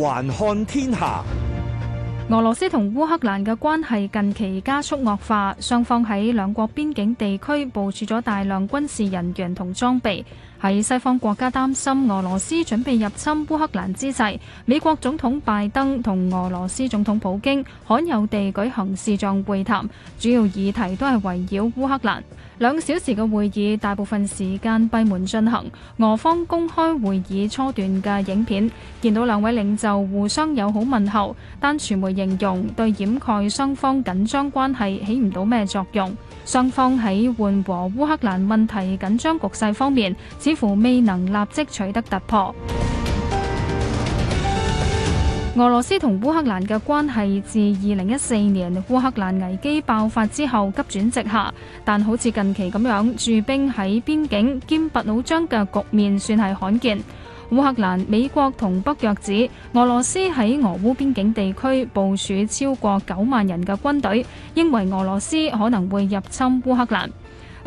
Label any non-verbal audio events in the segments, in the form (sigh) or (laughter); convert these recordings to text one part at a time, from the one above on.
環看天下，俄羅斯同烏克蘭嘅關係近期加速惡化，雙方喺兩國邊境地區部署咗大量軍事人員同裝備。喺西方國家擔心俄羅斯準備入侵烏克蘭之際，美國總統拜登同俄羅斯總統普京罕有地舉行視像會談，主要議題都係圍繞烏克蘭。兩小時嘅會議大部分時間閉門進行，俄方公開會議初段嘅影片，見到兩位領袖互相友好問候，但傳媒形容對掩蓋雙方緊張關係起唔到咩作用。雙方喺緩和烏克蘭問題緊張局勢方面，似乎未能立即取得突破。俄羅斯同烏克蘭嘅關係自二零一四年烏克蘭危機爆發之後急轉直下，但好似近期咁樣駐兵喺邊境兼拔弩張嘅局面算係罕見。烏克蘭、美國同北約指俄羅斯喺俄烏邊境地區部署超過九萬人嘅軍隊，因為俄羅斯可能會入侵烏克蘭。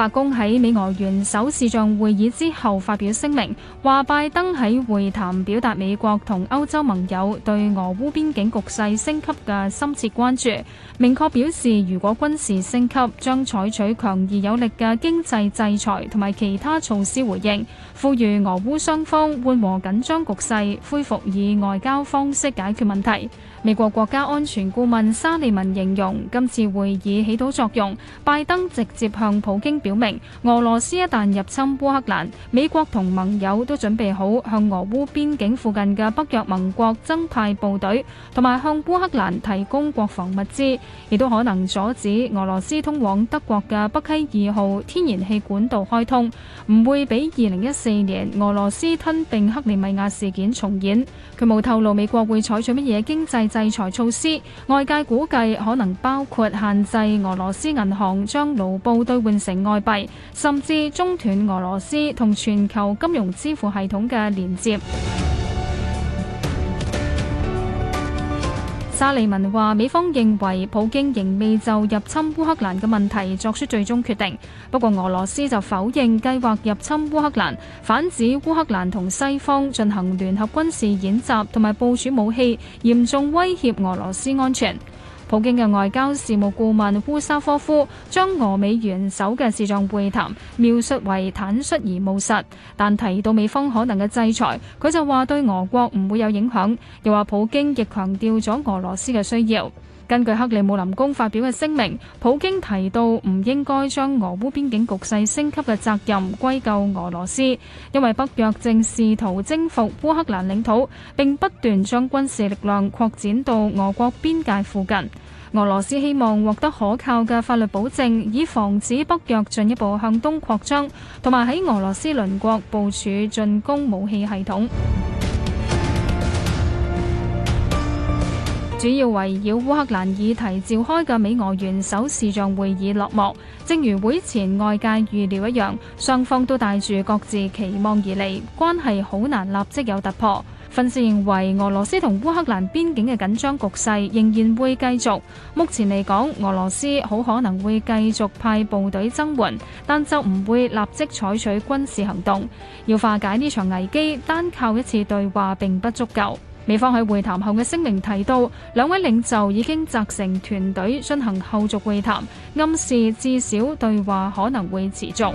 白宮喺美俄元首視像會議之後發表聲明，話拜登喺會談表達美國同歐洲盟友對俄烏邊境局勢升級嘅深切關注，明確表示如果軍事升級，將採取強而有力嘅經濟制裁同埋其他措施回應，呼籲俄烏雙方緩和緊張局勢，恢復以外交方式解決問題。美國國家安全顧問沙利文形容今次會議起到作用，拜登直接向普京表。表明俄羅斯一旦入侵烏克蘭，美國同盟友都準備好向俄烏邊境附近嘅北約盟國增派部隊，同埋向烏克蘭提供國防物資，亦都可能阻止俄羅斯通往德國嘅北溪二號天然氣管道開通，唔會俾二零一四年俄羅斯吞併克里米亞事件重演。佢冇透露美國會採取乜嘢經濟制裁措施，外界估計可能包括限制俄羅斯銀行將盧布兌換成外幣，甚至中斷俄羅斯同全球金融支付系統嘅連接。 (music) 沙利文話：美方認為普京仍未就入侵烏克蘭嘅問題作出最終決定，不過俄羅斯就否認計劃入侵烏克蘭，反指烏克蘭同西方進行聯合軍事演習同埋部署武器，嚴重威脅俄羅斯安全。普京嘅外交事務顧問烏沙科夫將俄美元首嘅視像會談描述為坦率而務實，但提到美方可能嘅制裁，佢就話對俄國唔會有影響，又話普京亦強調咗俄羅斯嘅需要。根據克里姆林宮發表嘅聲明，普京提到唔應該將俄烏邊境局勢升級嘅責任歸咎俄羅斯，因為北約正試圖征服烏克蘭領土，並不斷將軍事力量擴展到俄國邊界附近。俄羅斯希望獲得可靠嘅法律保證，以防止北約進一步向東擴張，同埋喺俄羅斯鄰國部署進攻武器系統。主要圍繞烏克蘭議題召開嘅美俄元首視像會議落幕，正如會前外界預料一樣，雙方都帶住各自期望而嚟，關係好難立即有突破。分析認為，俄羅斯同烏克蘭邊境嘅緊張局勢仍然會繼續。目前嚟講，俄羅斯好可能會繼續派部隊增援，但就唔會立即採取軍事行動。要化解呢場危機，單靠一次對話並不足夠。美方喺會談後嘅聲明提到，兩位領袖已經責成團隊進行後續會談，暗示至少對話可能會持續。